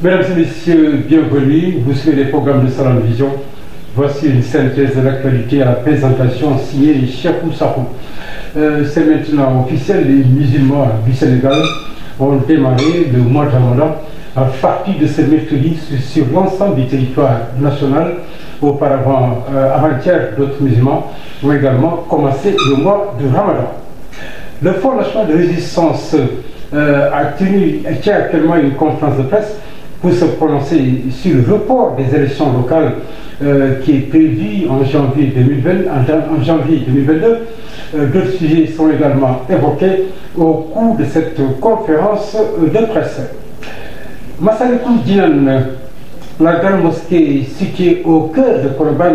Mesdames et messieurs, bienvenue. Vous suivez les programmes de Salam Vision. Voici une synthèse de l'actualité à la présentation signée Cheikhou Sarou. Euh, c'est maintenant officiel, les musulmans du Sénégal ont démarré le mois de Ramadan à partir de ce mercredi sur, l'ensemble du territoire national. Auparavant, euh, avant-hier, d'autres musulmans ont également commencé le mois de Ramadan. Le Fonds de résistance euh, a tenu, tient actuellement une conférence pour se prononcer sur le report des élections locales euh, qui est prévu en janvier 2020, en, en janvier 2022. Euh, D'autres sujets sont également évoqués au cours de cette conférence de presse. Massalikul Jinan, la grande mosquée située au cœur de Korban,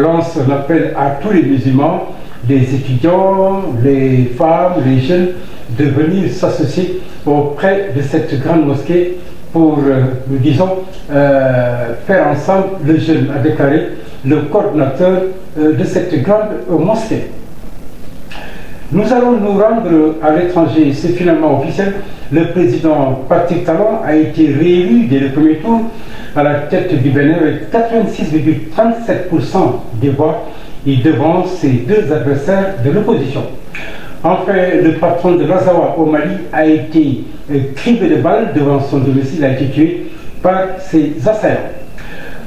lance l'appel à tous les musulmans, des étudiants, les femmes, les jeunes, de venir s'associer auprès de cette grande mosquée pour, euh, nous disons, euh, faire ensemble le jeûne, a déclaré le coordinateur euh, de cette grande mosquée. Nous allons nous rendre à l'étranger, c'est finalement officiel. Le président Patrick Talon a été réélu dès le premier tour à la tête du Bénin avec 86,37% des voix. Il devance ses deux adversaires de l'opposition. enfin le patron de Razawa au Mali a été euh, criblé de balles devant son domicile a été tué par ses assaillants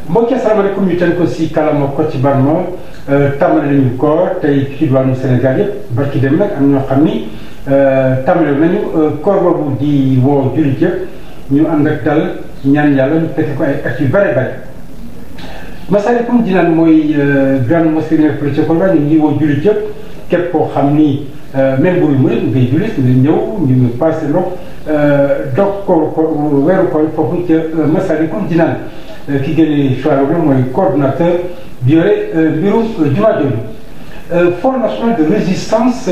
mbokk yi asalaamaaleykum ñu tënk ko si kàllaama Kocc Barma euh, tàmbali nañu koor tey ci diwaanu Sénégal yëpp barki dem nag am ñoo xam ni euh, tàmbali nañu koor boobu di woo jullit yëpp ñu ànd ak dal ñaan yàlla ñu fekk ko ay at bare bare Massalikul Jinaan mooy grande mosquée nekk ci Kolda ñu ngi woo jullit yëpp képp koo xam ni Euh, même booy mën ngay jullit nga ñëw ñu ngi passé loxo euh, dog ko ko weeru koy foofu ca euh, Massalikul Jinaan ki a choix mooy coordonnateur bi yore mbirum national de résistance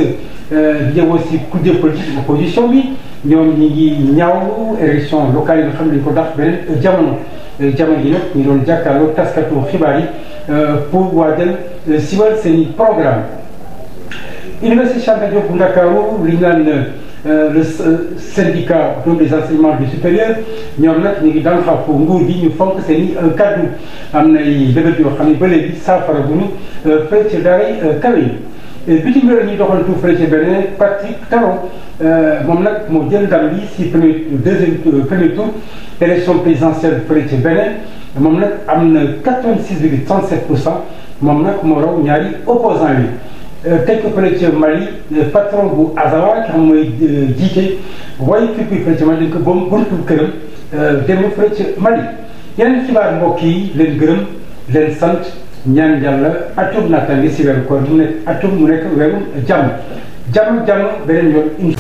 jëwoo si kujje politique opposition bi ñoom ñi ngi ñaaw élection locale yi nga xam ko dàq beneen jamono jamono ji nag ñu doon jàkkaarloo taskatu xibaar yi pour waajal siwal seen i programme université Cheikh Anta Diop bu Ndakaaru li ñu naan le euh, syndicat donc des enseignements du supérieur ñoom nag ñu ngi daan xaw nguur gi ñu fonk seen i euh, kaddu am na ay dëgër yoo xam ne ba léegi saafara bu ñu euh, fële ci dara kawe yi bitim réew ñuy doxantu fële ci benn Patrick Talon nag moo jël ndam li si premier deuxième premier tour élection présidentielle fële ci benn moom nag am na 86 virgule 37 pour cent moom nag moo raw ñaari opposants Euh, tekki fële ca Mali euh, patron bu Azawa ki xam mooy euh, jiite waaye képp fële ca Mali dañ ko boom buntu këram dem fële ca Mali yenn xibaar mbokk yi leen gërëm leen sant ñaan yàlla atum naataange si weeru koor mu nekk atum mu nekk weeru jàmm jàmm jàmm beneen yoon.